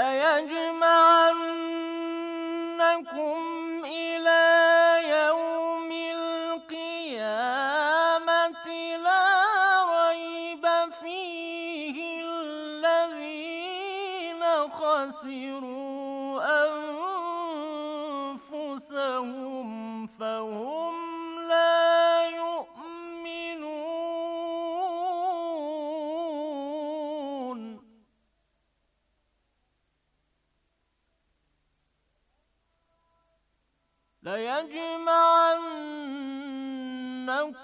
ليجمعن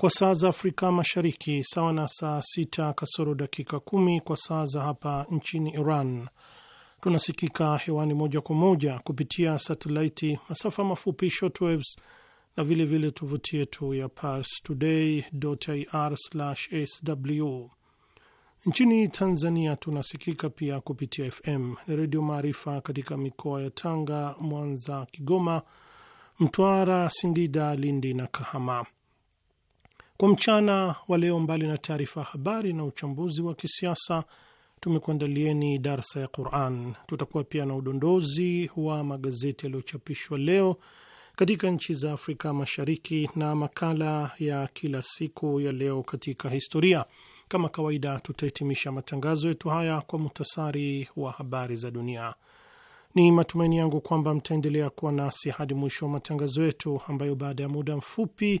kwa saa za Afrika Mashariki, sawa na saa sita kasoro dakika kumi kwa saa za hapa nchini Iran. Tunasikika hewani moja kwa moja kupitia satelaiti, masafa mafupi shortwaves na vilevile tovuti yetu ya parstoday.ir/sw. Nchini Tanzania tunasikika pia kupitia FM Redio Maarifa katika mikoa ya Tanga, Mwanza, Kigoma, Mtwara, Singida, Lindi na Kahama. Kwa mchana wa leo, mbali na taarifa ya habari na uchambuzi wa kisiasa, tumekuandalieni darsa ya Quran. Tutakuwa pia na udondozi wa magazeti yaliyochapishwa leo katika nchi za Afrika Mashariki na makala ya kila siku ya leo katika historia. Kama kawaida, tutahitimisha matangazo yetu haya kwa muhtasari wa habari za dunia. Ni matumaini yangu kwamba mtaendelea kuwa nasi hadi mwisho wa matangazo yetu, ambayo baada ya muda mfupi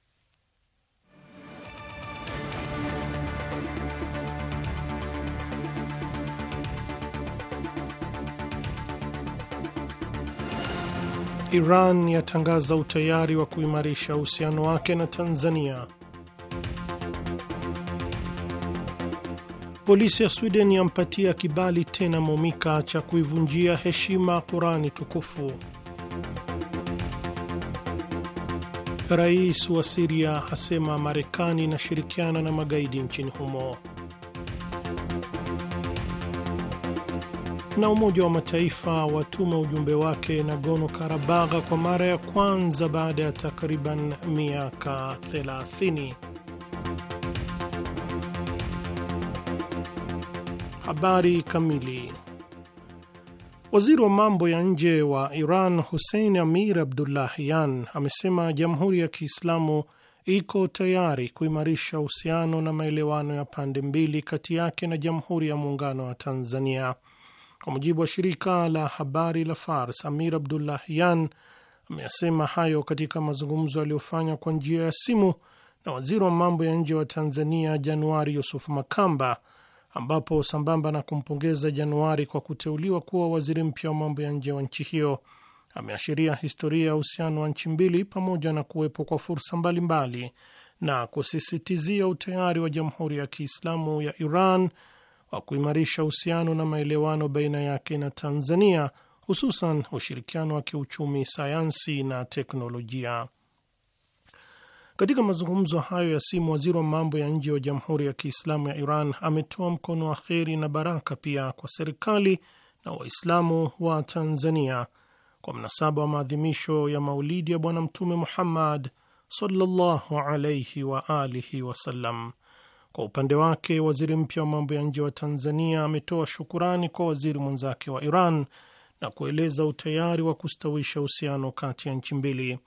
Iran yatangaza utayari wa kuimarisha uhusiano wake na Tanzania. Polisi ya Sweden yampatia kibali tena Momika cha kuivunjia heshima Qurani tukufu. Rais wa Siria asema Marekani inashirikiana na magaidi nchini humo. Na Umoja wa Mataifa watuma ujumbe wake Nagorno Karabagha kwa mara ya kwanza baada ya takriban miaka 30. Habari kamili. Waziri wa mambo ya nje wa Iran Hussein Amir Abdullahian amesema Jamhuri ya Kiislamu iko tayari kuimarisha uhusiano na maelewano ya pande mbili kati yake na Jamhuri ya Muungano wa Tanzania. Kwa mujibu wa shirika la habari la Fars, Amir yan ameyasema hayo katika mazungumzo aliyofanya kwa njia ya simu na waziri wa mambo ya nje wa Tanzania Januari Yusuf Makamba, ambapo sambamba na kumpongeza Januari kwa kuteuliwa kuwa waziri mpya wa mambo ya nje wa nchi hiyo ameashiria historia ya uhusiano wa nchi mbili pamoja na kuwepo kwa fursa mbalimbali mbali, na kusisitizia utayari wa Jamhuri ya Kiislamu ya Iran wa kuimarisha uhusiano na maelewano baina yake na Tanzania, hususan ushirikiano wa kiuchumi, sayansi na teknolojia. Katika mazungumzo hayo ya simu, waziri wa mambo ya nje wa Jamhuri ya Kiislamu ya Iran ametoa mkono wa kheri na baraka pia kwa serikali na Waislamu wa Tanzania kwa mnasaba wa maadhimisho ya maulidi ya Bwana Mtume Muhammad sallallahu alaihi wa alihi wasallam. Kwa upande wake, waziri mpya wa mambo ya nje wa Tanzania ametoa shukurani kwa waziri mwenzake wa Iran na kueleza utayari wa kustawisha uhusiano kati ya nchi mbili.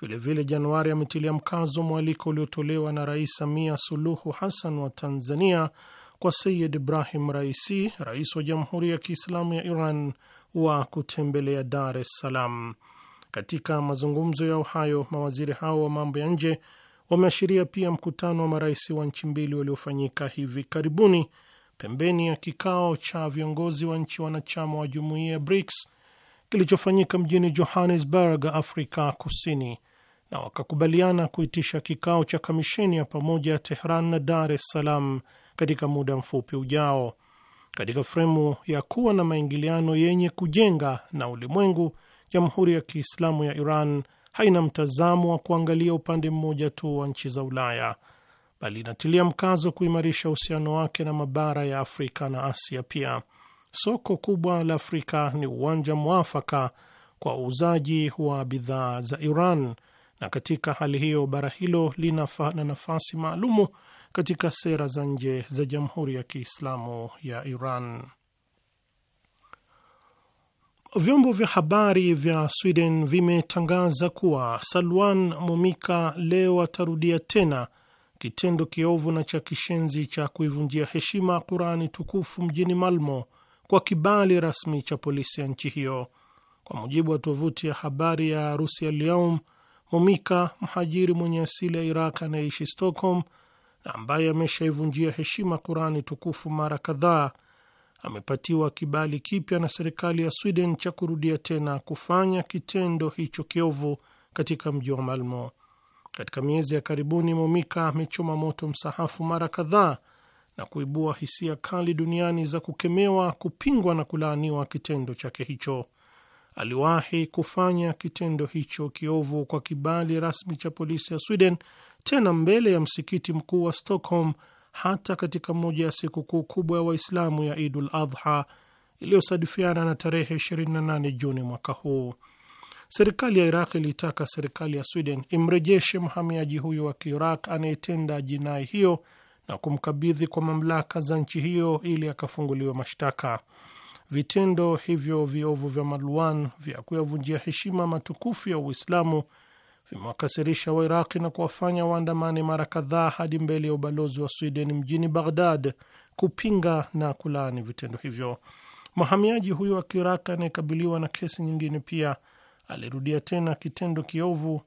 Vilevile Januari ametilia mkazo mwaliko uliotolewa na Rais Samia Suluhu Hassan wa Tanzania kwa Sayid Ibrahim Raisi, rais wa Jamhuri ya Kiislamu ya Iran, wa kutembelea Dar es Salaam. Katika mazungumzo yao hayo, mawaziri hao wa mambo ya nje Wameashiria pia mkutano wa marais wa nchi mbili uliofanyika hivi karibuni pembeni ya kikao cha viongozi wa nchi wanachama wa jumuiya ya BRICS kilichofanyika mjini Johannesburg, Afrika Kusini, na wakakubaliana kuitisha kikao cha kamisheni ya pamoja ya Tehran na Dar es Salaam katika muda mfupi ujao katika fremu ya kuwa na maingiliano yenye kujenga na ulimwengu. Jamhuri ya Kiislamu ya Iran haina mtazamo wa kuangalia upande mmoja tu wa nchi za Ulaya, bali inatilia mkazo kuimarisha uhusiano wake na mabara ya Afrika na Asia pia. Soko kubwa la Afrika ni uwanja mwafaka kwa uuzaji wa bidhaa za Iran, na katika hali hiyo bara hilo lina na nafasi maalumu katika sera za nje za Jamhuri ya Kiislamu ya Iran. Vyombo vya habari vya Sweden vimetangaza kuwa Salwan Momika leo atarudia tena kitendo kiovu na cha kishenzi cha kuivunjia heshima Qurani tukufu mjini Malmo kwa kibali rasmi cha polisi ya nchi hiyo. Kwa mujibu wa tovuti ya habari ya Rusia al Momika, mhajiri mwenye asili ya Iraq anayeishi Stockholm na ambaye ameshaivunjia heshima Qurani tukufu mara kadhaa amepatiwa kibali kipya na serikali ya Sweden cha kurudia tena kufanya kitendo hicho kiovu katika mji wa Malmo. Katika miezi ya karibuni, Momika amechoma moto msahafu mara kadhaa na kuibua hisia kali duniani za kukemewa, kupingwa na kulaaniwa kitendo chake hicho. Aliwahi kufanya kitendo hicho kiovu kwa kibali rasmi cha polisi ya Sweden, tena mbele ya msikiti mkuu wa Stockholm hata katika moja ya sikukuu kubwa ya Waislamu ya Idul Adha iliyosadifiana na tarehe 28 Juni mwaka huu. Serikali ya Iraq iliitaka serikali ya Sweden imrejeshe mhamiaji huyo wa Kiiraq anayetenda jinai hiyo na kumkabidhi kwa mamlaka za nchi hiyo ili akafunguliwe mashtaka. Vitendo hivyo viovu vya Marwan vya kuyavunjia heshima matukufu ya Uislamu vimewakasirisha Wairaqi na kuwafanya waandamani mara kadhaa hadi mbele ya ubalozi wa Sweden mjini Baghdad kupinga na kulaani vitendo hivyo. Mhamiaji huyo wa Kiiraqi anayekabiliwa na kesi nyingine pia alirudia tena kitendo kiovu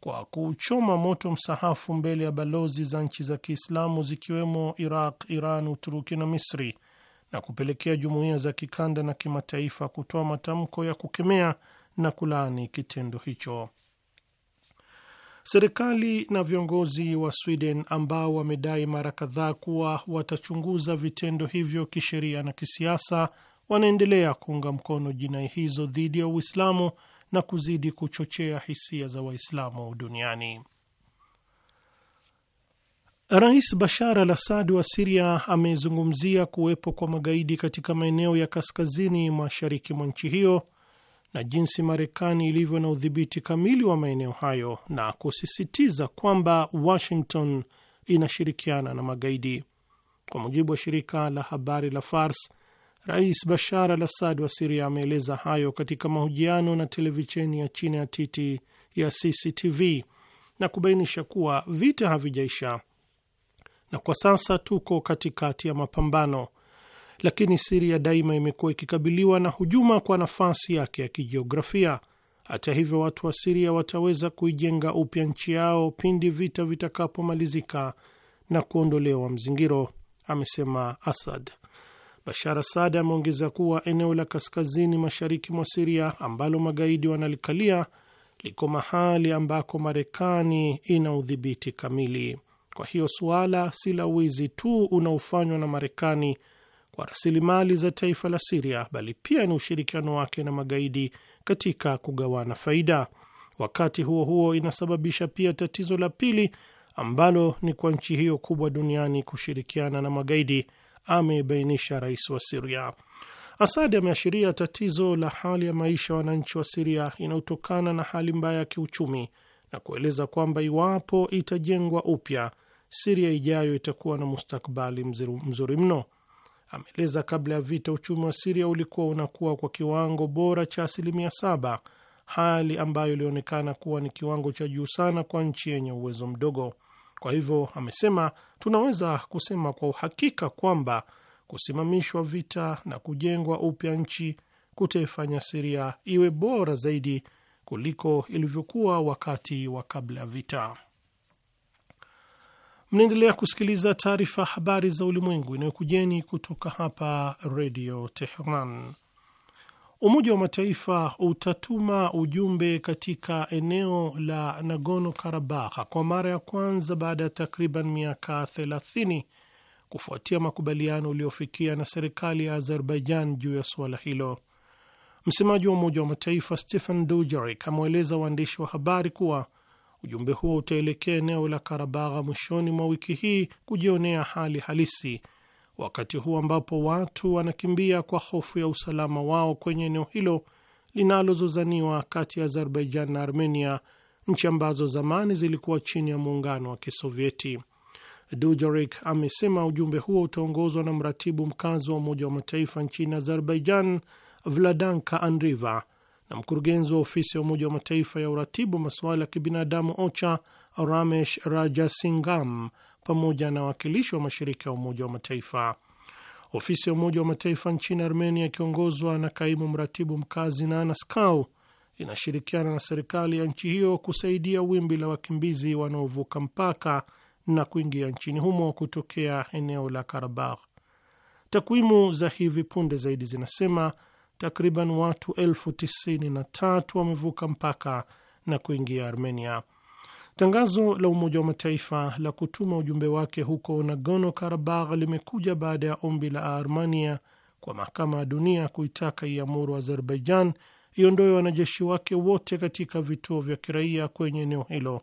kwa kuchoma moto msahafu mbele ya balozi za nchi za Kiislamu zikiwemo Iraq, Iran, Uturuki na Misri na kupelekea jumuiya za kikanda na kimataifa kutoa matamko ya kukemea na kulaani kitendo hicho. Serikali na viongozi wa Sweden ambao wamedai mara kadhaa kuwa watachunguza vitendo hivyo kisheria na kisiasa, wanaendelea kuunga mkono jinai hizo dhidi ya Uislamu na kuzidi kuchochea hisia za Waislamu duniani. Rais Bashar al Assad wa Siria amezungumzia kuwepo kwa magaidi katika maeneo ya kaskazini mashariki mwa nchi hiyo na jinsi Marekani ilivyo na udhibiti kamili wa maeneo hayo na kusisitiza kwamba Washington inashirikiana na magaidi. Kwa mujibu wa shirika la habari la Fars, Rais Bashar al Assad wa Siria ameeleza hayo katika mahojiano na televisheni ya China ya titi ya CCTV na kubainisha kuwa vita havijaisha na kwa sasa tuko katikati ya mapambano lakini Siria daima imekuwa ikikabiliwa na hujuma kwa nafasi yake ya kijiografia. Hata hivyo, watu wa Siria wataweza kuijenga upya nchi yao pindi vita vitakapomalizika na kuondolewa mzingiro, amesema Asad. Bashar Asad ameongeza kuwa eneo la kaskazini mashariki mwa Siria ambalo magaidi wanalikalia liko mahali ambako Marekani ina udhibiti kamili. Kwa hiyo suala si la wizi tu unaofanywa na Marekani kwa rasilimali za taifa la Siria, bali pia ni ushirikiano wake na magaidi katika kugawana faida. Wakati huo huo, inasababisha pia tatizo la pili ambalo ni kwa nchi hiyo kubwa duniani kushirikiana na magaidi, amebainisha rais wa Siria. Asadi ameashiria tatizo la hali ya maisha ya wananchi wa Siria inayotokana na hali mbaya ya kiuchumi na kueleza kwamba iwapo itajengwa upya, Siria ijayo itakuwa na mustakbali mzuri mno ameeleza kabla ya vita uchumi wa Siria ulikuwa unakuwa kwa kiwango bora cha asilimia saba, hali ambayo ilionekana kuwa ni kiwango cha juu sana kwa nchi yenye uwezo mdogo. Kwa hivyo, amesema tunaweza kusema kwa uhakika kwamba kusimamishwa vita na kujengwa upya nchi kutaifanya Siria iwe bora zaidi kuliko ilivyokuwa wakati wa kabla ya vita. Mnaendelea kusikiliza taarifa habari za ulimwengu inayokujeni kutoka hapa redio Teheran. Umoja wa Mataifa utatuma ujumbe katika eneo la nagono Karabakh kwa mara ya kwanza baada ya takriban miaka 30 kufuatia makubaliano uliofikia na serikali ya Azerbaijan juu ya suala hilo. Msemaji wa Umoja wa Mataifa Stephen Dujarric amewaeleza waandishi wa habari kuwa Ujumbe huo utaelekea eneo la Karabagha mwishoni mwa wiki hii kujionea hali halisi, wakati huu ambapo watu wanakimbia kwa hofu ya usalama wao kwenye eneo hilo linalozozaniwa kati ya Azerbaijan na Armenia, nchi ambazo zamani zilikuwa chini ya muungano wa Kisovyeti. Dujarik amesema ujumbe huo utaongozwa na mratibu mkazi wa Umoja wa Mataifa nchini Azerbaijan, Vladanka Andriva, na mkurugenzi wa ofisi ya Umoja wa Mataifa ya uratibu masuala ya kibinadamu OCHA Ramesh Rajasingam pamoja na wawakilishi wa mashirika ya Umoja wa Mataifa. Ofisi ya Umoja wa Mataifa nchini Armenia ikiongozwa na kaimu mratibu mkazi na Skau inashirikiana na serikali ya nchi hiyo kusaidia wimbi la wakimbizi wanaovuka mpaka na kuingia nchini humo kutokea eneo la Karabakh. Takwimu za hivi punde zaidi zinasema takriban watu elfu tisini na tatu wamevuka mpaka na kuingia Armenia. Tangazo la Umoja wa Mataifa la kutuma ujumbe wake huko nagono Karabagh limekuja baada ya ombi la Armenia kwa Mahakama ya Dunia kuitaka iamuru Azerbaijan iondoe wanajeshi wake wote katika vituo vya kiraia kwenye eneo hilo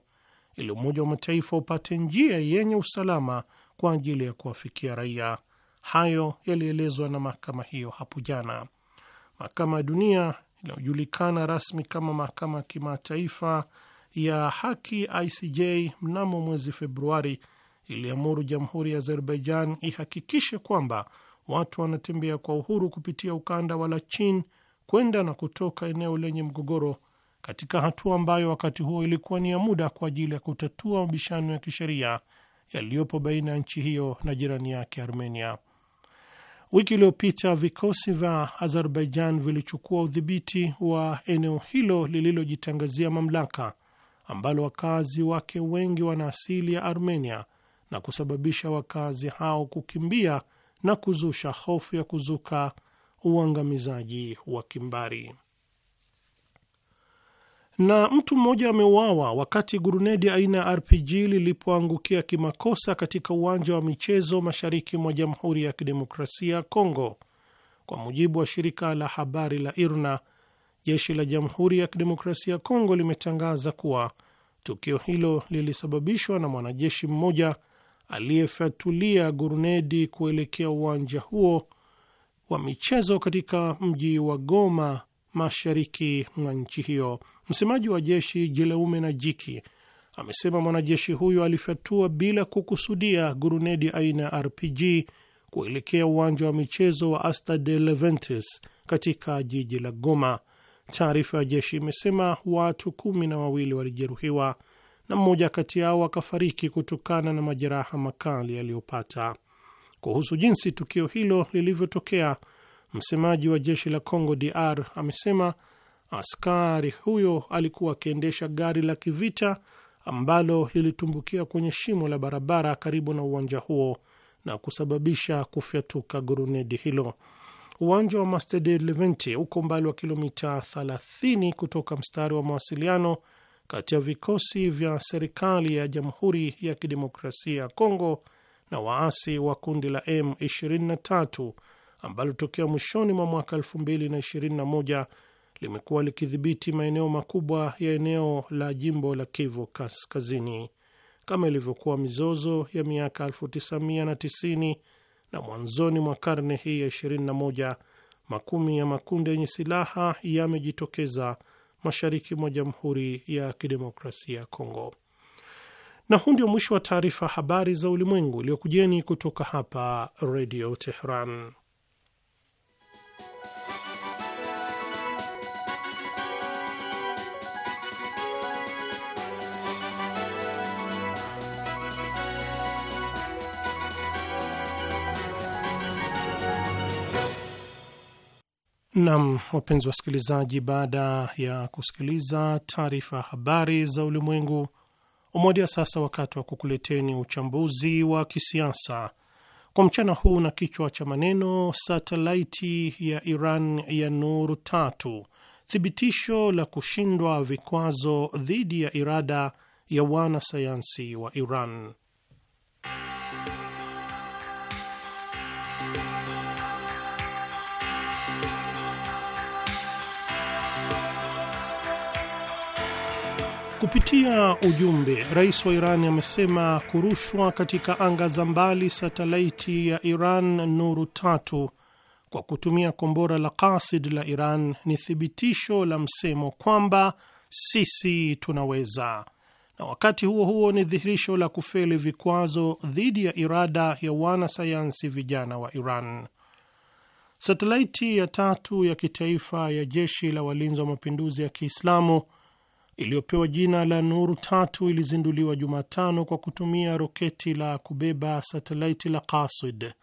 ili Umoja wa Mataifa upate njia yenye usalama kwa ajili ya kuwafikia raia. Hayo yalielezwa na mahakama hiyo hapo jana. Mahakama ya Dunia inayojulikana rasmi kama Mahakama ya Kimataifa ya Haki ICJ mnamo mwezi Februari iliamuru jamhuri ya Azerbaijan ihakikishe kwamba watu wanatembea kwa uhuru kupitia ukanda wa Lachin kwenda na kutoka eneo lenye mgogoro katika hatua ambayo wakati huo ilikuwa ni ya muda kwa ajili ya kutatua mabishano ya kisheria yaliyopo baina ya nchi hiyo na jirani yake Armenia. Wiki iliyopita vikosi vya Azerbaijan vilichukua udhibiti wa eneo hilo lililojitangazia mamlaka ambalo wakazi wake wengi wana asili ya Armenia na kusababisha wakazi hao kukimbia na kuzusha hofu ya kuzuka uangamizaji wa kimbari. Na mtu mmoja ameuawa wakati gurunedi aina ya RPG lilipoangukia kimakosa katika uwanja wa michezo mashariki mwa Jamhuri ya Kidemokrasia ya Kongo, kwa mujibu wa shirika la habari la IRNA. Jeshi la Jamhuri ya Kidemokrasia ya Kongo limetangaza kuwa tukio hilo lilisababishwa na mwanajeshi mmoja aliyefyatulia gurunedi kuelekea uwanja huo wa michezo katika mji wa Goma mashariki mwa nchi hiyo. Msemaji wa jeshi Jileume na Jiki amesema mwanajeshi huyo alifyatua bila kukusudia gurunedi aina ya RPG kuelekea uwanja wa michezo wa asta de Leventis katika jiji la Goma. Taarifa ya jeshi imesema watu kumi na wawili walijeruhiwa na mmoja kati yao akafariki kutokana na majeraha makali yaliyopata. Kuhusu jinsi tukio hilo lilivyotokea, msemaji wa jeshi la Congo DR amesema Askari huyo alikuwa akiendesha gari la kivita ambalo lilitumbukia kwenye shimo la barabara karibu na uwanja huo na kusababisha kufyatuka gurunedi hilo. Uwanja wa Masjid Leventi uko umbali wa kilomita 30 kutoka mstari wa mawasiliano kati ya vikosi vya serikali ya Jamhuri ya Kidemokrasia ya Kongo na waasi wa kundi la M23 ambalo tokea mwishoni mwa mwaka 2021 limekuwa likidhibiti maeneo makubwa ya eneo la jimbo la Kivu Kaskazini, kama ilivyokuwa mizozo ya miaka 1990 na mwanzoni mwa karne hii ya 21. Makumi ya makundi yenye silaha yamejitokeza mashariki mwa Jamhuri ya Kidemokrasia ya Kongo. Na huu ndio mwisho wa taarifa habari za ulimwengu iliyokujeni kutoka hapa Redio Teheran. Nam, wapenzi wasikilizaji, baada ya kusikiliza taarifa ya habari za ulimwengu, umoja sasa wakati wa kukuleteni uchambuzi wa kisiasa kwa mchana huu, na kichwa cha maneno satelaiti ya Iran ya Nuru tatu, thibitisho la kushindwa vikwazo dhidi ya irada ya wanasayansi wa Iran. Kupitia ujumbe, rais wa Iran amesema kurushwa katika anga za mbali satelaiti ya Iran Nuru tatu kwa kutumia kombora la kasid la Iran ni thibitisho la msemo kwamba sisi tunaweza, na wakati huo huo ni dhihirisho la kufeli vikwazo dhidi ya irada ya wanasayansi vijana wa Iran. Satelaiti ya tatu ya kitaifa ya jeshi la walinzi wa mapinduzi ya Kiislamu iliyopewa jina la Nuru tatu ilizinduliwa Jumatano kwa kutumia roketi la kubeba satelaiti la kasid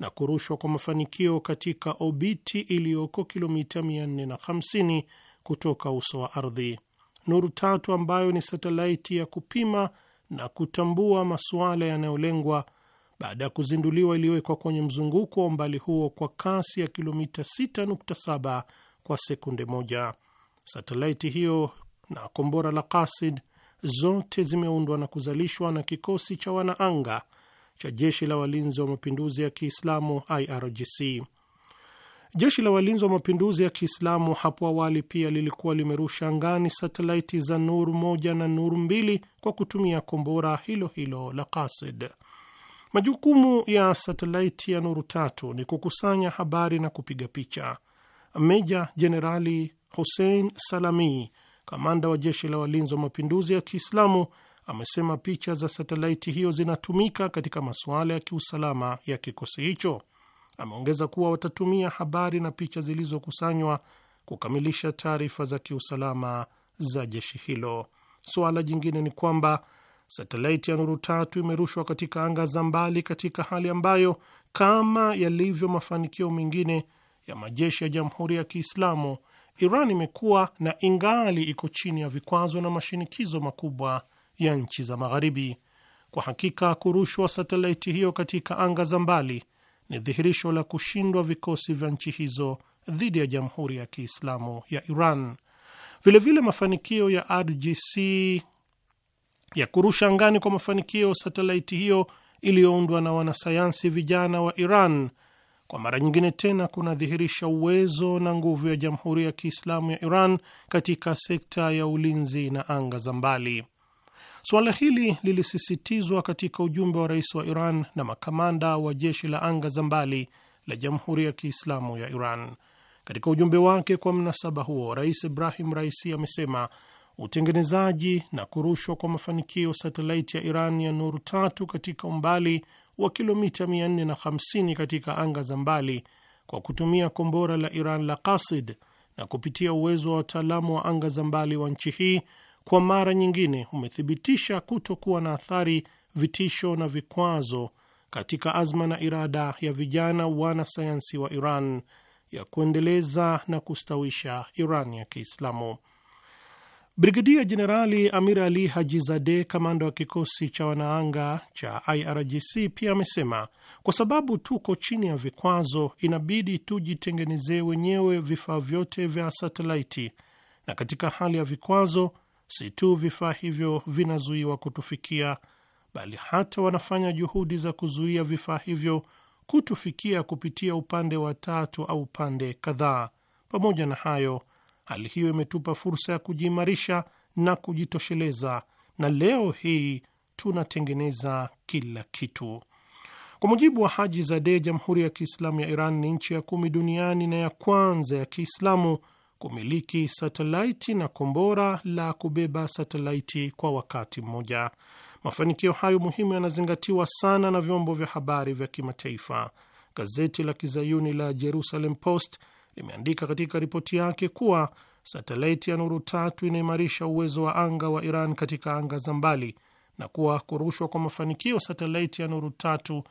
na kurushwa kwa mafanikio katika obiti iliyoko kilomita 450 kutoka uso wa ardhi. Nuru tatu ambayo ni satelaiti ya kupima na kutambua masuala yanayolengwa, baada ya kuzinduliwa, iliwekwa kwenye mzunguko wa umbali huo kwa kasi ya kilomita 6.7 kwa sekunde moja. Satelaiti hiyo na kombora la kasid zote zimeundwa na kuzalishwa na kikosi cha wanaanga cha jeshi la walinzi wa mapinduzi ya Kiislamu IRGC. Jeshi la walinzi wa mapinduzi ya Kiislamu hapo awali pia lilikuwa limerusha angani satelaiti za Nur moja na Nur mbili kwa kutumia kombora hilo hilo la kasid Majukumu ya satelaiti ya Nuru tatu ni kukusanya habari na kupiga picha. Meja Jenerali Hussein Salami Kamanda wa jeshi la walinzi wa mapinduzi ya Kiislamu amesema picha za satelaiti hiyo zinatumika katika masuala ya kiusalama ya kikosi hicho. Ameongeza kuwa watatumia habari na picha zilizokusanywa kukamilisha taarifa za kiusalama za jeshi hilo. Suala jingine ni kwamba satelaiti ya nuru tatu imerushwa katika anga za mbali katika hali ambayo kama yalivyo mafanikio mengine ya majeshi ya Jamhuri ya Kiislamu Iran imekuwa na ingali iko chini ya vikwazo na mashinikizo makubwa ya nchi za Magharibi. Kwa hakika kurushwa satelaiti hiyo katika anga za mbali ni dhihirisho la kushindwa vikosi vya nchi hizo dhidi ya Jamhuri ya Kiislamu ya Iran. Vilevile vile mafanikio ya RGC ya kurusha angani kwa mafanikio satelaiti hiyo iliyoundwa na wanasayansi vijana wa Iran kwa mara nyingine tena kunadhihirisha uwezo na nguvu ya Jamhuri ya Kiislamu ya Iran katika sekta ya ulinzi na anga za mbali. Suala hili lilisisitizwa katika ujumbe wa rais wa Iran na makamanda wa jeshi la anga za mbali la Jamhuri ya Kiislamu ya Iran. Katika ujumbe wake kwa mnasaba huo, Rais Ibrahim Raisi amesema utengenezaji na kurushwa kwa mafanikio satelaiti ya Iran ya Nuru tatu katika umbali wa kilomita 450 katika anga za mbali kwa kutumia kombora la Iran la Qasid na kupitia uwezo wa wataalamu wa anga za mbali wa nchi hii kwa mara nyingine umethibitisha kutokuwa na athari, vitisho na vikwazo katika azma na irada ya vijana wanasayansi wa Iran ya kuendeleza na kustawisha Iran ya Kiislamu. Brigedia Jenerali Amir Ali haji zade kamanda wa kikosi cha wanaanga cha IRGC, pia amesema kwa sababu tuko chini ya vikwazo, inabidi tujitengenezee wenyewe vifaa vyote vya satelaiti, na katika hali ya vikwazo, si tu vifaa hivyo vinazuiwa kutufikia, bali hata wanafanya juhudi za kuzuia vifaa hivyo kutufikia kupitia upande wa tatu au pande kadhaa. Pamoja na hayo Hali hiyo imetupa fursa ya kujiimarisha na kujitosheleza, na leo hii tunatengeneza kila kitu. Kwa mujibu wa Haji Zade, Jamhuri ya Kiislamu ya Iran ni nchi ya kumi duniani na ya kwanza ya Kiislamu kumiliki satelaiti na kombora la kubeba satelaiti kwa wakati mmoja. Mafanikio hayo muhimu yanazingatiwa sana na vyombo vya habari vya kimataifa. Gazeti la kizayuni la Jerusalem Post limeandika katika ripoti yake kuwa satelaiti ya Nuru tatu inaimarisha uwezo wa anga wa Iran katika anga za mbali na kuwa kurushwa kwa mafanikio satelaiti ya Nuru tatu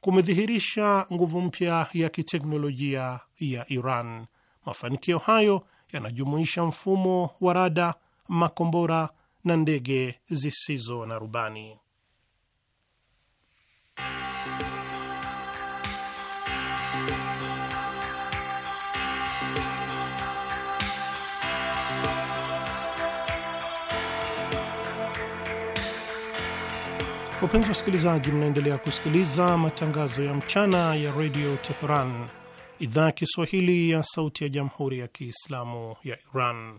kumedhihirisha nguvu mpya ya kiteknolojia ya Iran. Mafanikio hayo yanajumuisha mfumo wa rada, makombora na ndege zisizo na rubani. Wapenzi wasikilizaji, mnaendelea kusikiliza matangazo ya mchana ya redio Teheran, idhaa ya Kiswahili ya sauti ya jamhuri ya kiislamu ya Iran.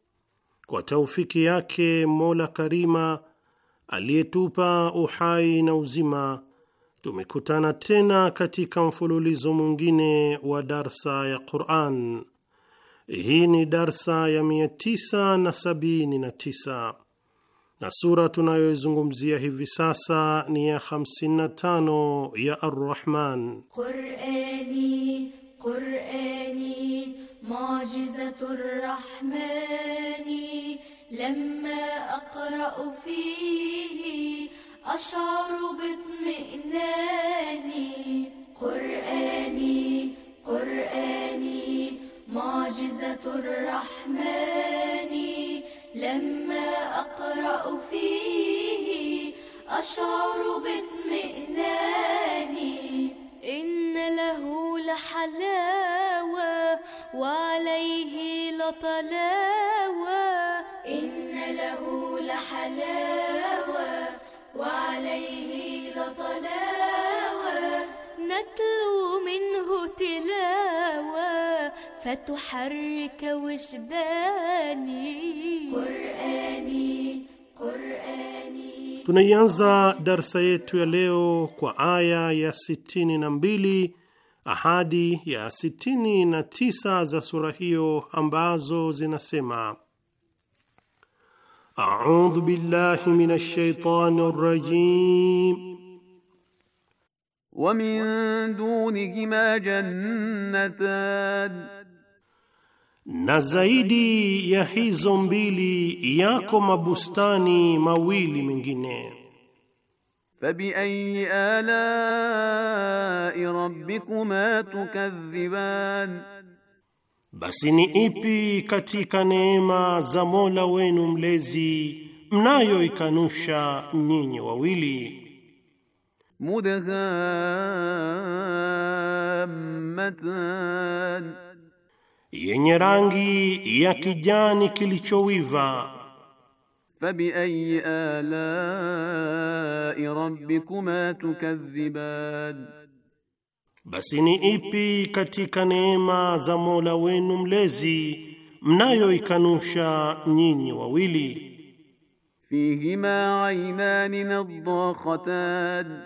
kwa taufiki yake Mola Karima aliyetupa uhai na uzima, tumekutana tena katika mfululizo mwingine wa darsa ya Quran. Hii ni darsa ya 979 na sura tunayoizungumzia hivi sasa ni ya 55 ya Arrahman. Qurani, Qurani معجزة الرحمن لما أقرأ فيه أشعر باطمئناني قرآني قرآني معجزة الرحمن لما أقرأ فيه أشعر باطمئناني إن له لحلاوة وعليه لطلاوة إن له لحلاوة وعليه لطلاوة نتلو منه تلاوة فتحرك وجداني قرآني قرآني تنيانزا darsa yetu ya leo يا ستيني ya ahadi ya sitini na tisa za sura hiyo ambazo zinasema: audhu billahi minash shaitani rajim wa min dunihima jannatan, na zaidi ya hizo mbili yako mabustani mawili mengine Fabiayi alai rabbikuma tukadhiban, basi ni ipi katika neema za Mola wenu mlezi mnayoikanusha nyinyi wawili? Mudghammatan, yenye rangi ya kijani kilichowiva Fabiayi alai rabbikuma tukadhiban, basi ni ipi katika neema za Mola wenu mlezi mnayoikanusha nyinyi wawili? Fihima ainani nadhakhatan,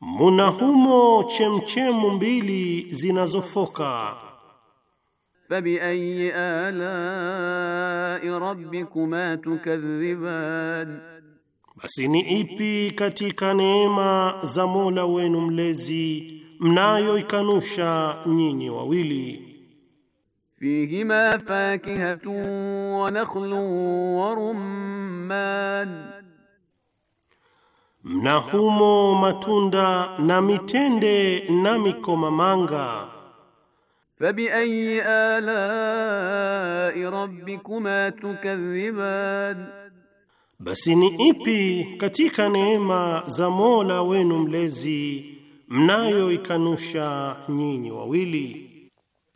muna humo chemchemu mbili zinazofoka فبأي آلاء ربكما تكذبان basi ni ipi katika neema za Mola wenu mlezi mnayoikanusha nyinyi wawili? Fihima fakihatu wa nakhlu wa rumman, mna humo matunda na mitende na mikomamanga Fabiayi alai rabbikuma tukadhiban, basi ni ipi katika neema za Mola wenu mlezi mnayoikanusha nyinyi wawili?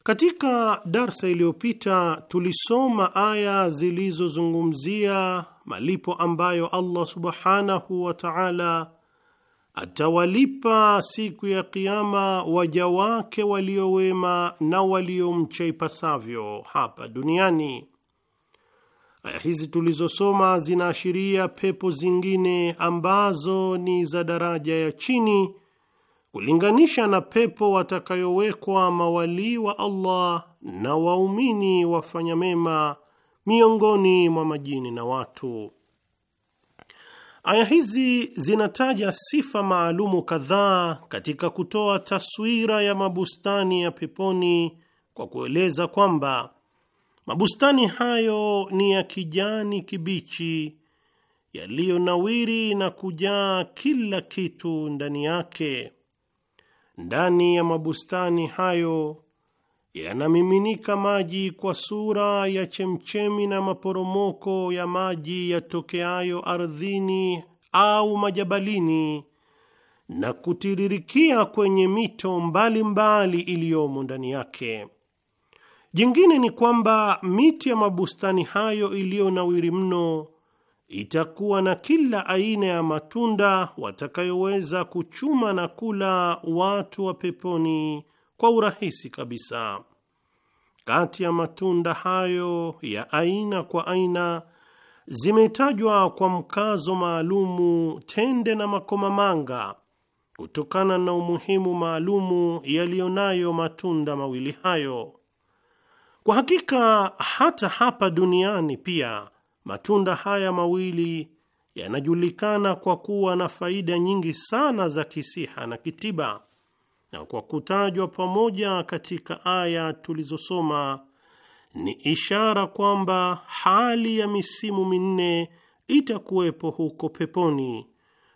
Katika darsa iliyopita tulisoma aya zilizozungumzia malipo ambayo Allah subhanahu wa ta'ala atawalipa siku ya Kiama waja wake waliowema na waliomcha ipasavyo hapa duniani. Aya hizi tulizosoma zinaashiria pepo zingine ambazo ni za daraja ya chini kulinganisha na pepo watakayowekwa mawalii wa Allah na waumini wafanya mema miongoni mwa majini na watu. Aya hizi zinataja sifa maalumu kadhaa katika kutoa taswira ya mabustani ya peponi kwa kueleza kwamba mabustani hayo ni ya kijani kibichi yaliyonawiri na kujaa kila kitu ndani yake. Ndani ya mabustani hayo yanamiminika maji kwa sura ya chemchemi na maporomoko ya maji yatokeayo ardhini au majabalini na kutiririkia kwenye mito mbalimbali iliyomo ndani yake. Jingine ni kwamba miti ya mabustani hayo iliyo nawiri mno itakuwa na kila aina ya matunda watakayoweza kuchuma na kula watu wa peponi kwa urahisi kabisa. Kati ya matunda hayo ya aina kwa aina zimetajwa kwa mkazo maalumu tende na makomamanga kutokana na umuhimu maalumu yaliyonayo matunda mawili hayo. Kwa hakika hata hapa duniani pia matunda haya mawili yanajulikana kwa kuwa na faida nyingi sana za kisiha na kitiba na kwa kutajwa pamoja katika aya tulizosoma ni ishara kwamba hali ya misimu minne itakuwepo huko peponi,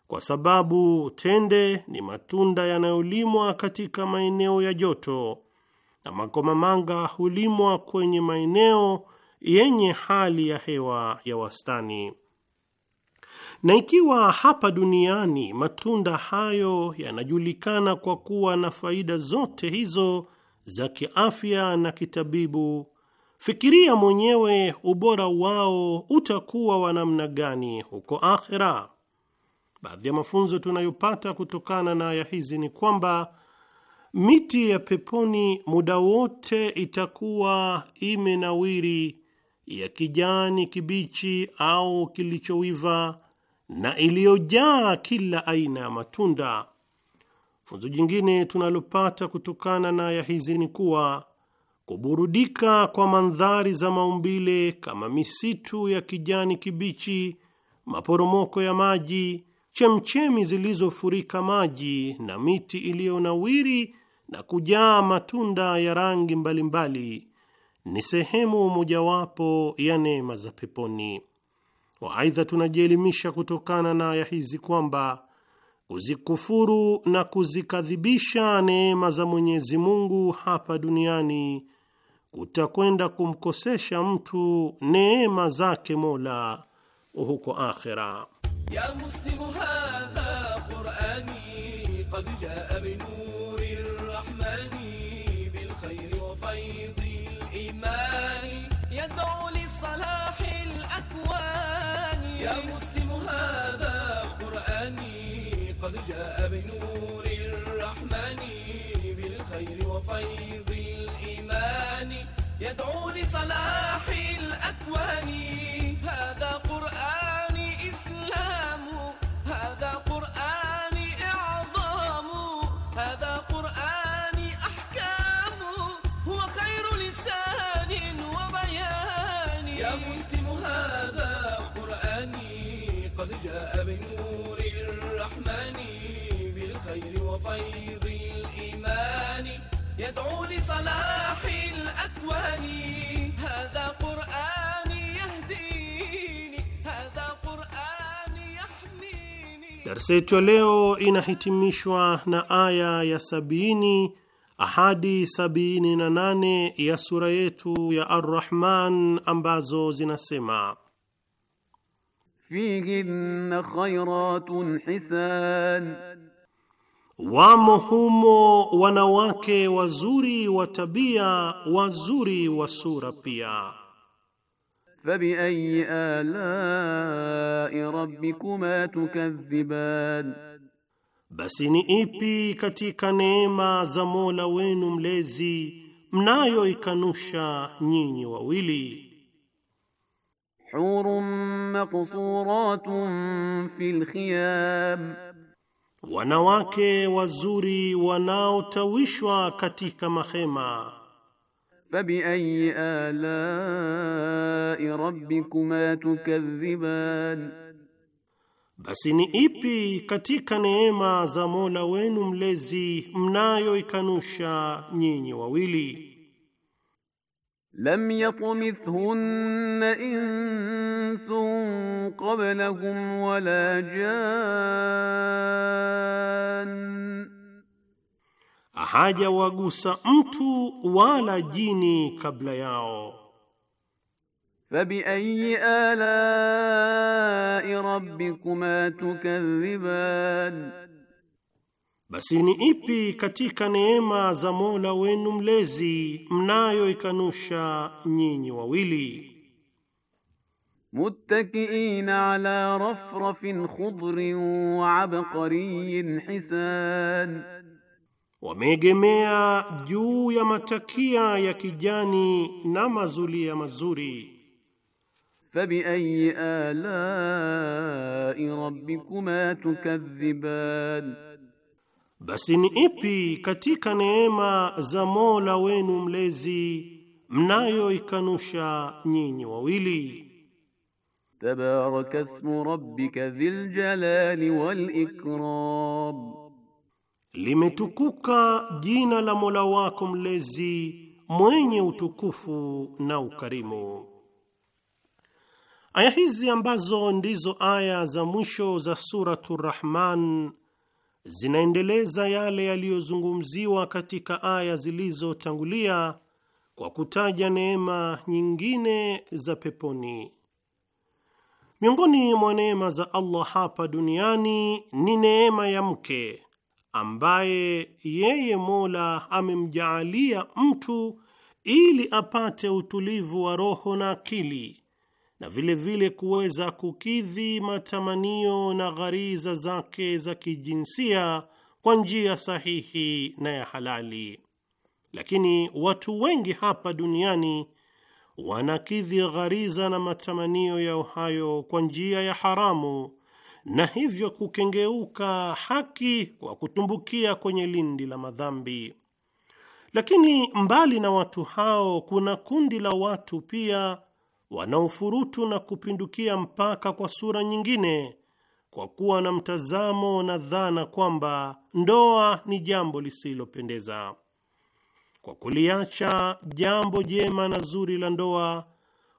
kwa sababu tende ni matunda yanayolimwa katika maeneo ya joto na makomamanga hulimwa kwenye maeneo yenye hali ya hewa ya wastani. Na ikiwa hapa duniani matunda hayo yanajulikana kwa kuwa na faida zote hizo za kiafya na kitabibu, fikiria mwenyewe ubora wao utakuwa wa namna gani huko akhera. Baadhi ya mafunzo tunayopata kutokana na aya hizi ni kwamba miti ya peponi muda wote itakuwa imenawiri, ya kijani kibichi au kilichowiva na iliyojaa kila aina ya matunda. Funzo jingine tunalopata kutokana na aya hizi ni kuwa kuburudika kwa mandhari za maumbile kama misitu ya kijani kibichi, maporomoko ya maji, chemchemi zilizofurika maji na miti iliyonawiri na kujaa matunda ya rangi mbalimbali ni sehemu mojawapo ya neema za peponi aidha tunajielimisha kutokana na aya hizi kwamba kuzikufuru na kuzikadhibisha neema za Mwenyezi Mungu hapa duniani kutakwenda kumkosesha mtu neema zake Mola huko akhera. Ya muslimu hadha qurani qad jaa bi bil wa al yad'u lis جاء بنور الرحمن بالخير وفيض الإيمان يدعو لصلاح الأكوان هذا Darsa yetu ya leo inahitimishwa na aya ya sabini ahadi sabini na nane ya sura yetu ya arrahman ambazo zinasema fihinna khairatun hisan Wamo humo wanawake wazuri wa tabia, wazuri wa sura pia. Fabi ayi alai rabbikuma tukadhiban, basi ni ipi katika neema za Mola wenu mlezi mnayoikanusha nyinyi wawili? Hurun maqsuratun fil khiyam wanawake wazuri wanaotawishwa katika mahema. Fabi ayi alai rabbikuma tukadhiban, basi ni ipi katika neema za Mola wenu mlezi mnayoikanusha nyinyi wawili? لم يطمثهن انس قبلهم ولا جان حاجوغوسا mtu ولا جيني قبل yao فبأي آلاء ربكما تكذبان Basi ni ipi katika neema za Mola wenu mlezi mnayoikanusha nyinyi wawili? Muttakiina ala rafrafin khudrin wa abqariyin hisan, wameegemea juu ya matakia ya kijani na mazulia mazuri. Fabiayi alai rabbikuma tukadhiban basi ni ipi katika neema za Mola wenu mlezi mnayoikanusha nyinyi wawili? Tabaraka ismu rabbika dhil jalali wal ikram, limetukuka jina la Mola wako mlezi mwenye utukufu na ukarimu. Aya hizi ambazo ndizo aya za mwisho za Suratu Rahman zinaendeleza yale yaliyozungumziwa katika aya zilizotangulia kwa kutaja neema nyingine za peponi. Miongoni mwa neema za Allah hapa duniani ni neema ya mke ambaye yeye Mola amemjaalia mtu ili apate utulivu wa roho na akili na vilevile kuweza kukidhi matamanio na ghariza zake za kijinsia kwa njia sahihi na ya halali. Lakini watu wengi hapa duniani wanakidhi ghariza na matamanio yao hayo kwa njia ya haramu, na hivyo kukengeuka haki kwa kutumbukia kwenye lindi la madhambi. Lakini mbali na watu hao, kuna kundi la watu pia wanaofurutu na kupindukia mpaka kwa sura nyingine, kwa kuwa na mtazamo na dhana kwamba ndoa ni jambo lisilopendeza. Kwa kuliacha jambo jema na zuri la ndoa,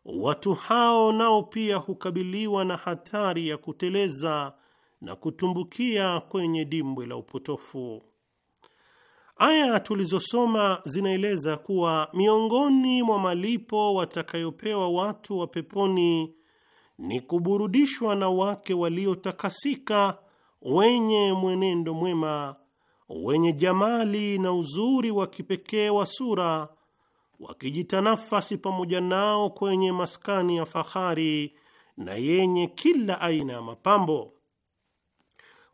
watu hao nao pia hukabiliwa na hatari ya kuteleza na kutumbukia kwenye dimbwe la upotofu. Aya tulizosoma zinaeleza kuwa miongoni mwa malipo watakayopewa watu wa peponi ni kuburudishwa na wake waliotakasika, wenye mwenendo mwema, wenye jamali na uzuri wa kipekee wa sura, wakijitanafasi pamoja nao kwenye maskani ya fahari na yenye kila aina ya mapambo.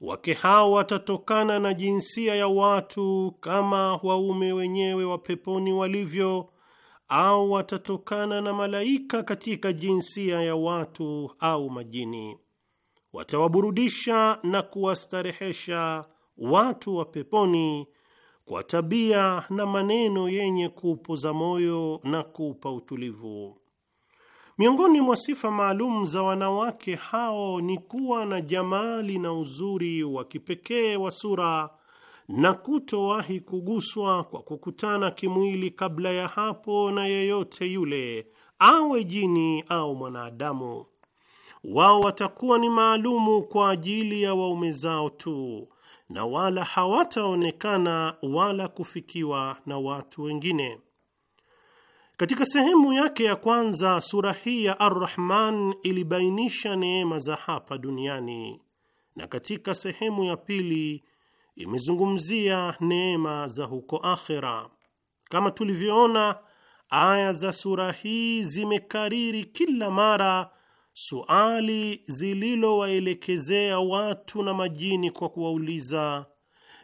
Wake hao watatokana na jinsia ya watu kama waume wenyewe wa peponi walivyo, au watatokana na malaika katika jinsia ya watu au majini. Watawaburudisha na kuwastarehesha watu wa peponi kwa tabia na maneno yenye kuupoza moyo na kuupa utulivu. Miongoni mwa sifa maalum za wanawake hao ni kuwa na jamali na uzuri wa kipekee wa sura na kutowahi kuguswa kwa kukutana kimwili kabla ya hapo na yeyote yule, awe jini au mwanadamu. Wao watakuwa ni maalumu kwa ajili ya waume zao tu, na wala hawataonekana wala kufikiwa na watu wengine. Katika sehemu yake ya kwanza sura hii ya Ar-Rahman ilibainisha neema za hapa duniani na katika sehemu ya pili imezungumzia neema za huko akhera. Kama tulivyoona, aya za sura hii zimekariri kila mara suali zililowaelekezea watu na majini kwa kuwauliza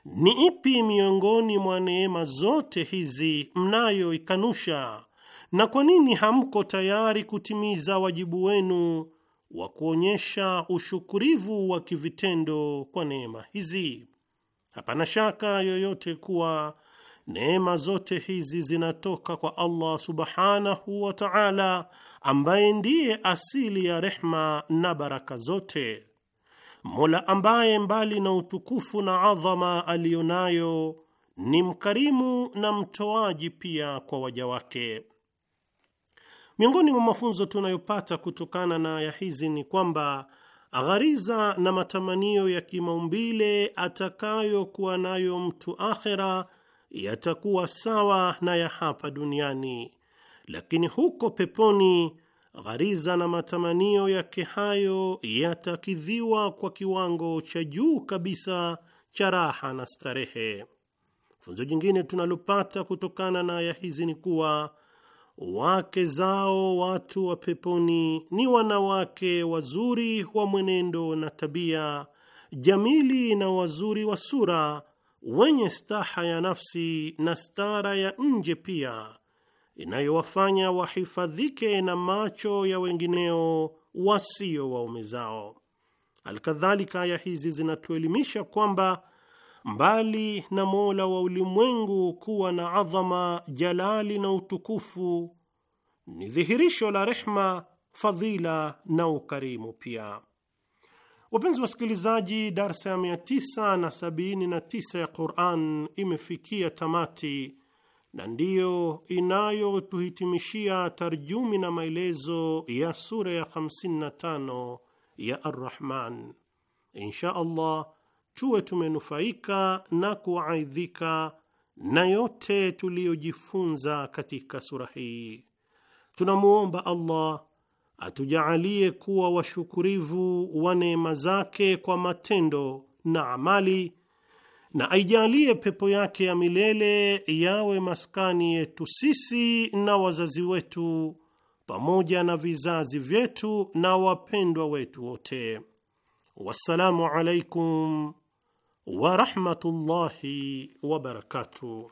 ni ipi miongoni mwa neema zote hizi mnayoikanusha na kwa nini hamko tayari kutimiza wajibu wenu wa kuonyesha ushukurivu wa kivitendo kwa neema hizi? Hapana shaka yoyote kuwa neema zote hizi zinatoka kwa Allah subhanahu wa ta'ala, ambaye ndiye asili ya rehma na baraka zote, Mola ambaye mbali na utukufu na adhama aliyonayo ni mkarimu na mtoaji pia kwa waja wake. Miongoni mwa mafunzo tunayopata kutokana na aya hizi ni kwamba ghariza na matamanio ya kimaumbile atakayokuwa nayo mtu akhera yatakuwa sawa na ya hapa duniani, lakini huko peponi ghariza na matamanio yake hayo yatakidhiwa kwa kiwango cha juu kabisa cha raha na starehe. Funzo jingine tunalopata kutokana na aya hizi ni kuwa wake zao watu wa peponi ni wanawake wazuri wa mwenendo na tabia, jamili na wazuri wa sura, wenye staha ya nafsi na stara ya nje pia, inayowafanya wahifadhike na macho ya wengineo wasio waume zao. Alkadhalika, aya hizi zinatuelimisha kwamba mbali na Mola wa ulimwengu kuwa na adhama, jalali na utukufu, ni dhihirisho la rehma, fadhila na ukarimu pia. Wapenzi wasikilizaji, darsa ya 979 ya Quran imefikia tamati na ndiyo inayotuhitimishia tarjumi na maelezo ya sura ya 55 ya Arrahman. Insha Allah tuwe tumenufaika na kuaidhika na yote tuliyojifunza katika sura hii. Tunamwomba Allah atujaalie kuwa washukurivu wa neema zake kwa matendo na amali, na aijalie pepo yake ya milele yawe maskani yetu sisi na wazazi wetu pamoja na vizazi vyetu na wapendwa wetu wote. Wassalamu alaikum ورحمة الله وبركاته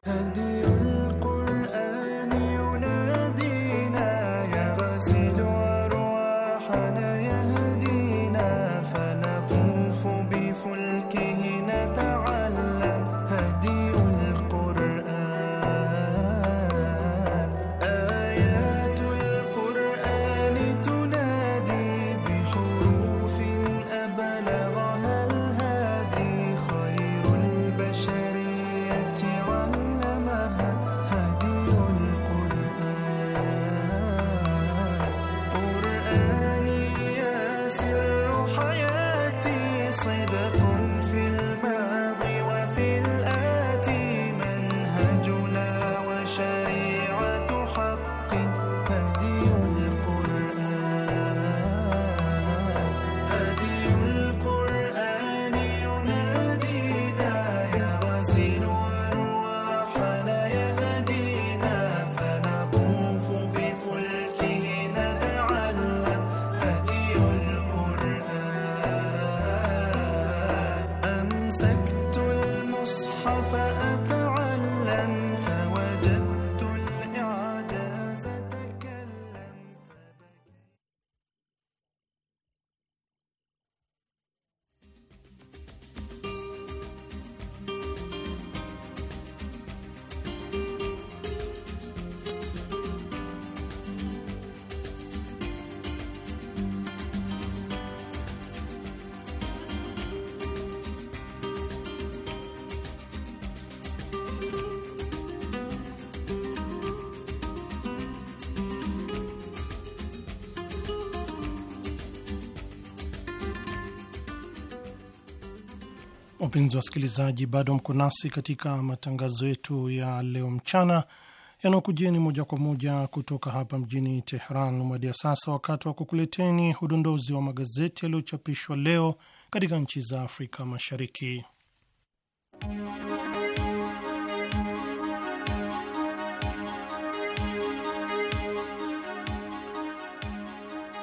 Wapenzi wasikilizaji, bado mko nasi katika matangazo yetu ya leo mchana yanayokujieni moja kwa moja kutoka hapa mjini Tehran. Umewadia sasa wakati wa kukuleteni udondozi wa magazeti yaliyochapishwa leo katika nchi za Afrika Mashariki.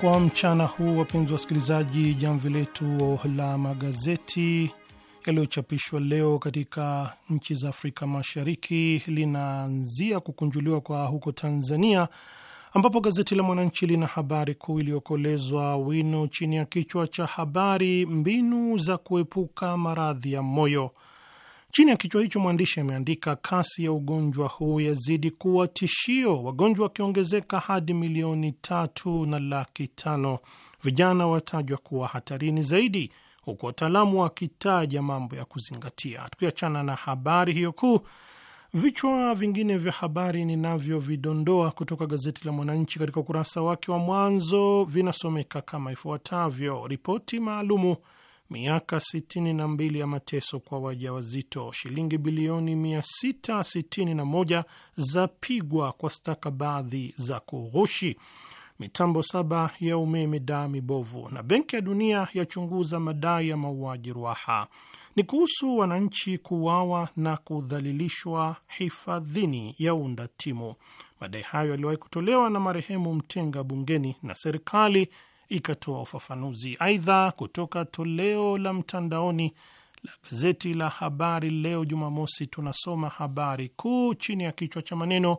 Kwa mchana huu, wapenzi wasikilizaji, jamvi letu la magazeti yaliyochapishwa leo katika nchi za Afrika Mashariki linaanzia kukunjuliwa kwa huko Tanzania, ambapo gazeti la Mwananchi lina habari kuu iliyokolezwa wino chini ya kichwa cha habari, mbinu za kuepuka maradhi ya moyo. Chini ya kichwa hicho mwandishi ameandika kasi ya ugonjwa huu yazidi kuwa tishio, wagonjwa wakiongezeka hadi milioni tatu na laki tano, vijana watajwa kuwa hatarini zaidi, huku wataalamu wakitaja mambo ya kuzingatia. Tukiachana na habari hiyo kuu, vichwa vingine vya habari ninavyovidondoa kutoka gazeti la Mwananchi katika ukurasa wake wa mwanzo vinasomeka kama ifuatavyo: ripoti maalumu miaka 62 ya mateso kwa wajawazito, shilingi bilioni 661 zapigwa kwa stakabadhi za kughushi, mitambo saba ya umeme daa mibovu na Benki ya Dunia yachunguza madai ya mauaji Ruaha. Ni kuhusu wananchi kuuawa na kudhalilishwa hifadhini ya unda timu. Madai hayo yaliwahi kutolewa na marehemu Mtenga bungeni na serikali ikatoa ufafanuzi. Aidha, kutoka toleo la mtandaoni la gazeti la Habari Leo Jumamosi tunasoma habari kuu chini ya kichwa cha maneno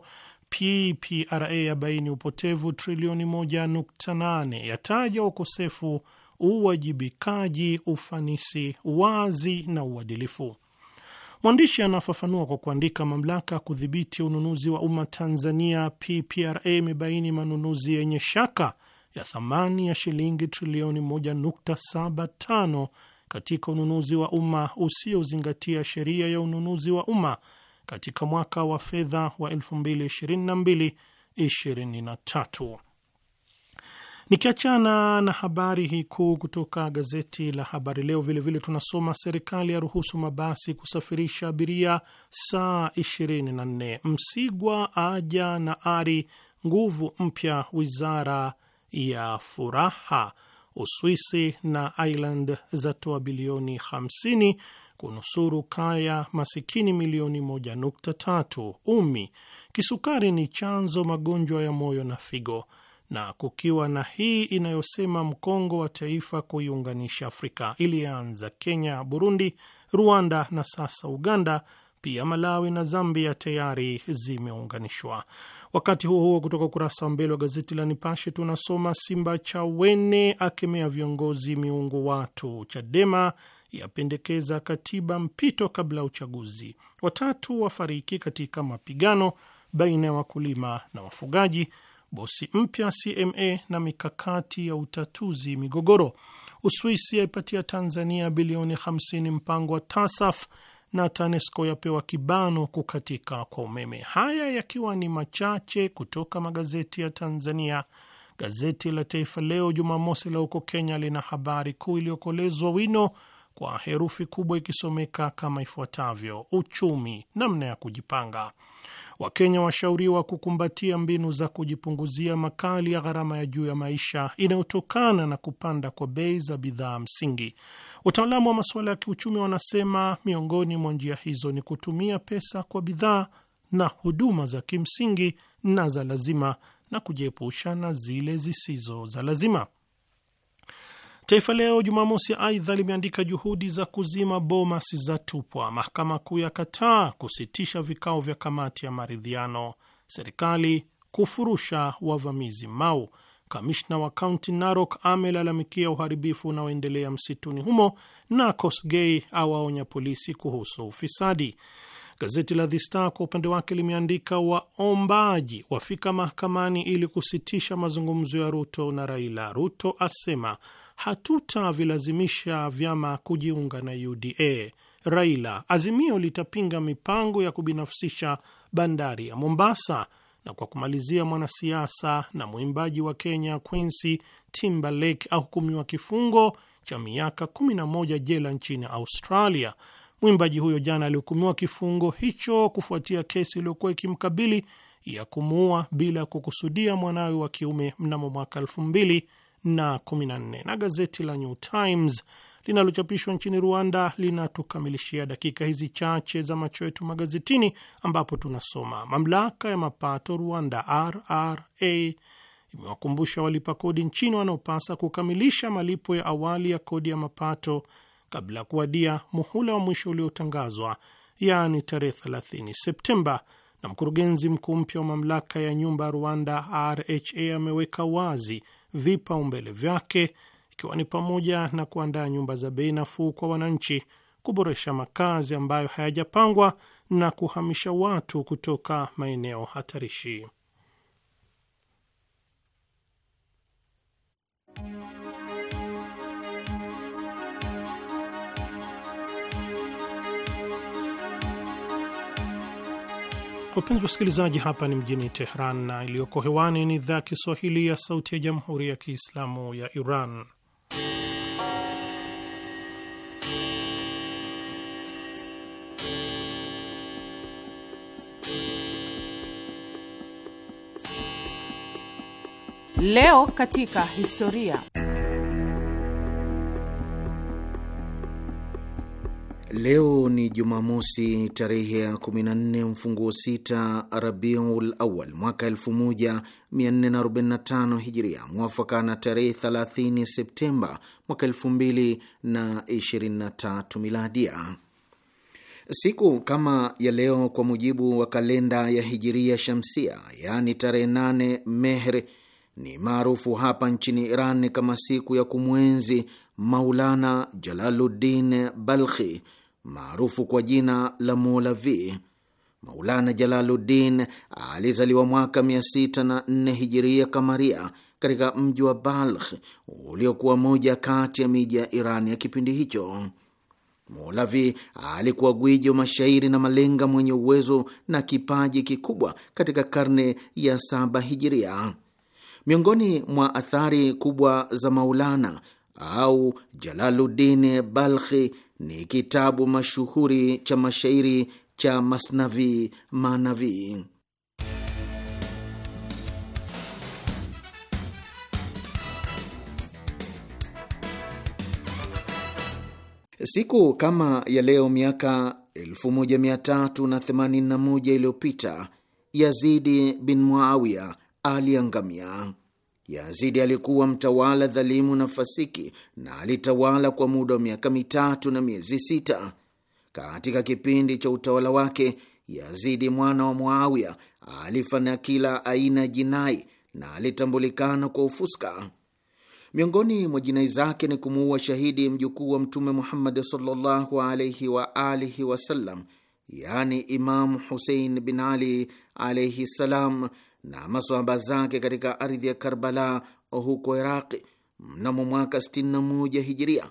PPRA yabaini upotevu trilioni 1.8, yataja ukosefu uwajibikaji, ufanisi, wazi na uadilifu. Mwandishi anafafanua kwa kuandika, mamlaka ya kudhibiti ununuzi wa umma Tanzania PPRA imebaini manunuzi yenye shaka ya thamani ya shilingi trilioni 1.75 katika ununuzi wa umma usiozingatia sheria ya ununuzi wa umma katika mwaka wa fedha wa 2022 23. Nikiachana na habari hii kuu kutoka gazeti la Habari Leo, vilevile vile tunasoma serikali ya ruhusu mabasi kusafirisha abiria saa 24. Msigwa aja na ari nguvu mpya wizara ya furaha. Uswisi na Ireland zatoa bilioni kunusuru kaya masikini milioni tatu Umi, kisukari ni chanzo magonjwa ya moyo na figo, na kukiwa na hii inayosema mkongo wa taifa kuiunganisha Afrika. Ilianza Kenya, Burundi, Rwanda na sasa Uganda. Pia Malawi na Zambia tayari zimeunganishwa. Wakati huo huo, kutoka ukurasa wa mbele wa gazeti la Nipashe tunasoma Simba Chawene akemea viongozi miungu watu, Chadema yapendekeza katiba mpito kabla ya uchaguzi. Watatu wafariki katika mapigano baina ya wakulima na wafugaji. Bosi mpya CMA na mikakati ya utatuzi migogoro. Uswisi yaipatia Tanzania bilioni 50 mpango wa TASAF na TANESCO yapewa kibano kukatika kwa umeme. Haya yakiwa ni machache kutoka magazeti ya Tanzania. Gazeti la Taifa Leo Jumamosi la huko Kenya lina habari kuu iliyokolezwa wino kwa herufi kubwa ikisomeka kama ifuatavyo: uchumi, namna ya kujipanga. Wakenya washauriwa kukumbatia mbinu za kujipunguzia makali ya gharama ya juu ya maisha inayotokana na kupanda kwa bei za bidhaa msingi. Wataalamu wa masuala ya kiuchumi wanasema miongoni mwa njia hizo ni kutumia pesa kwa bidhaa na huduma za kimsingi na za lazima na kujiepusha na zile zisizo za lazima. Taifa Leo Jumamosi aidha limeandika juhudi za kuzima Bomas za tupwa, mahakama kuu ya kataa kusitisha vikao vya kamati ya maridhiano, serikali kufurusha wavamizi Mau, kamishna wa kaunti Narok amelalamikia uharibifu unaoendelea msituni humo, na Kosgei awaonya polisi kuhusu ufisadi. Gazeti la The Star kwa upande wake limeandika waombaji wafika mahakamani ili kusitisha mazungumzo ya Ruto na Raila. Ruto asema hatutavilazimisha vyama kujiunga na UDA. Raila, Azimio litapinga mipango ya kubinafsisha bandari ya Mombasa. Na kwa kumalizia, mwanasiasa na mwimbaji wa Kenya Quincy Timberlake ahukumiwa kifungo cha miaka 11 jela nchini Australia. Mwimbaji huyo jana alihukumiwa kifungo hicho kufuatia kesi iliyokuwa ikimkabili ya kumuua bila kukusudia mwanawe wa kiume mnamo mwaka elfu mbili na 14. Na gazeti la New Times linalochapishwa nchini Rwanda linatukamilishia dakika hizi chache za macho yetu magazetini, ambapo tunasoma mamlaka ya mapato Rwanda RRA imewakumbusha walipa kodi nchini wanaopasa kukamilisha malipo ya awali ya kodi ya mapato kabla ya kuwadia muhula wa mwisho uliotangazwa, yaani tarehe 30 Septemba. Na mkurugenzi mkuu mpya wa mamlaka ya nyumba Rwanda RHA ameweka wazi vipaumbele vyake, ikiwa ni pamoja na kuandaa nyumba za bei nafuu kwa wananchi, kuboresha makazi ambayo hayajapangwa na kuhamisha watu kutoka maeneo hatarishi. Wapenzi wasikilizaji, hapa ni mjini Tehran na iliyoko hewani ni idhaa Kiswahili ya Sauti ya Jamhuri ya Kiislamu ya Iran. Leo katika historia Leo ni Jumamosi tarehe ya 14 mfunguo sita Rabiul Awal mwaka 1445 Hijiria, mwafaka na tarehe 30 Septemba mwaka 2023 Miladia. Siku kama ya leo kwa mujibu wa kalenda ya Hijiria Shamsia, yaani tarehe 8 Mehr, ni maarufu hapa nchini Iran kama siku ya kumwenzi Maulana Jalaluddin Balkhi maarufu kwa jina la Molavi. Maulana Jalaluddin alizaliwa mwaka 604 hijiria kamaria katika mji wa Balkh uliokuwa moja kati ya miji ya Iran ya kipindi hicho. Mulavi alikuwa gwiji wa mashairi na malenga mwenye uwezo na kipaji kikubwa katika karne ya saba hijiria. Miongoni mwa athari kubwa za Maulana au Jalaluddin Balkhi ni kitabu mashuhuri cha mashairi cha Masnavi Manavi. Siku kama ya leo miaka 1381 iliyopita Yazidi bin Muawiya aliangamia. Yazidi alikuwa mtawala dhalimu na fasiki na alitawala kwa muda wa miaka mitatu na miezi sita. Katika kipindi cha utawala wake, Yazidi mwana wa Muawia alifanya kila aina ya jinai na alitambulikana kwa ufuska. Miongoni mwa jinai zake ni kumuua shahidi mjukuu wa Mtume Muhammad sallallahu alaihi wa alihi wasallam, Imamu Husein bin Ali alaihi ssalam na maswahaba zake katika ardhi ya Karbala huko Iraqi mnamo mwaka 61 Hijiria,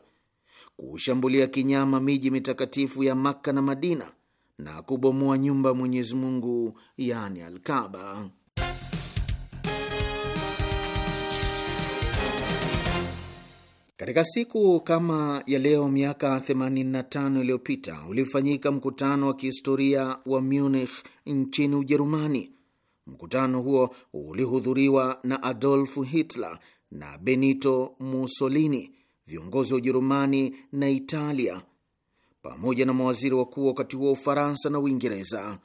kushambulia kinyama miji mitakatifu ya Makka na Madina na kubomoa nyumba ya Mwenyezi Mungu, yani Alkaba. Katika siku kama ya leo miaka 85 iliyopita ulifanyika mkutano wa kihistoria wa Munich nchini Ujerumani Mkutano huo ulihudhuriwa na Adolf Hitler na Benito Mussolini, viongozi wa Ujerumani na Italia, pamoja na mawaziri wakuu wakati huo Ufaransa na Uingereza.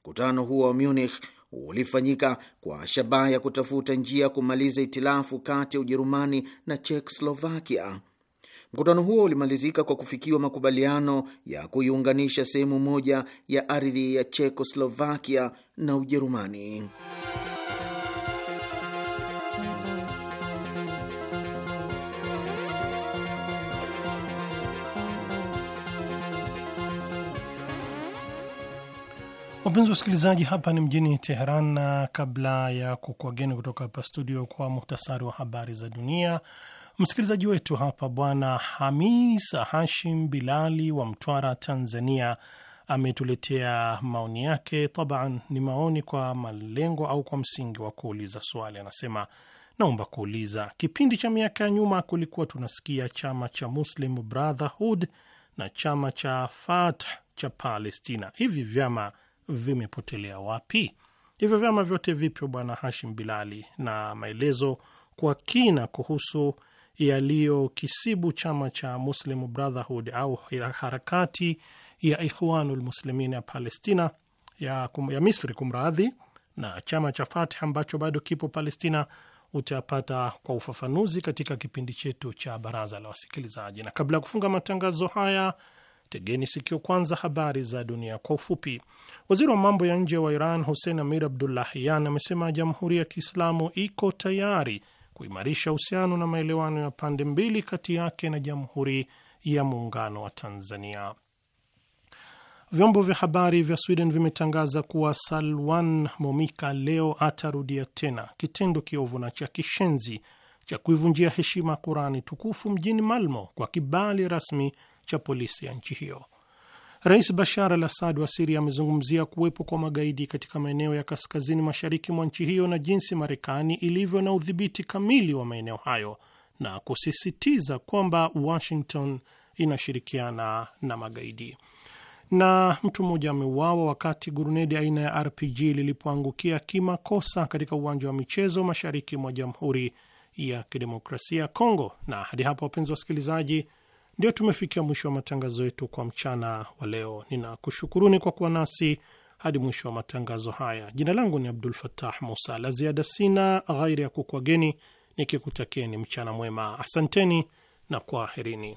Mkutano huo wa Munich ulifanyika kwa shabaha ya kutafuta njia ya kumaliza itilafu kati ya Ujerumani na Chekoslovakia. Mkutano huo ulimalizika kwa kufikiwa makubaliano ya kuiunganisha sehemu moja ya ardhi ya Chekoslovakia na Ujerumani. Wapenzi wasikilizaji, hapa ni mjini Teheran, na kabla ya kukuageni kutoka hapa studio, kwa muhtasari wa habari za dunia Msikilizaji wetu hapa Bwana Hamis Hashim Bilali wa Mtwara, Tanzania, ametuletea maoni yake. Taban ni maoni kwa malengo au kwa msingi wa kuuliza swali. Anasema, naomba kuuliza, kipindi cha miaka ya nyuma kulikuwa tunasikia chama cha Muslim Brotherhood na chama cha Fatah cha Palestina. Hivi vyama vimepotelea wapi? Hivyo vyama vyote vipyo, Bwana Hashim Bilali, na maelezo kwa kina kuhusu yaliyokisibu chama cha Muslim Brotherhood au harakati ya Ikhwanul Muslimin ya Palestina ya, kum, ya Misri kumradhi, na chama cha Fatah ambacho bado kipo Palestina utapata kwa ufafanuzi katika kipindi chetu cha baraza la wasikilizaji. Na kabla ya kufunga matangazo haya, tegeni sikio kwanza habari za dunia kwa ufupi. Waziri wa mambo ya nje wa Iran Hussein Amir Abdullahian amesema Jamhuri ya Kiislamu iko tayari kuimarisha uhusiano na maelewano ya pande mbili kati yake na Jamhuri ya Muungano wa Tanzania. Vyombo vya habari vya Sweden vimetangaza kuwa Salwan Momika leo atarudia tena kitendo kiovu na cha kishenzi cha kuivunjia heshima Kurani tukufu mjini Malmo kwa kibali rasmi cha polisi ya nchi hiyo. Rais Bashar al Assad wa Siria amezungumzia kuwepo kwa magaidi katika maeneo ya kaskazini mashariki mwa nchi hiyo na jinsi Marekani ilivyo na udhibiti kamili wa maeneo hayo na kusisitiza kwamba Washington inashirikiana na magaidi. Na mtu mmoja ameuawa wakati gurunedi aina ya RPG lilipoangukia kimakosa katika uwanja wa michezo mashariki mwa Jamhuri ya Kidemokrasia ya Kongo. Na hadi hapa, wapenzi wasikilizaji ndio tumefikia mwisho wa matangazo yetu kwa mchana wa leo. Ninakushukuruni kwa kuwa nasi hadi mwisho wa matangazo haya. Jina langu ni Abdul fatah Musa. La ziada sina ghairi ya kukwageni nikikutakieni mchana mwema. Asanteni na kwaherini.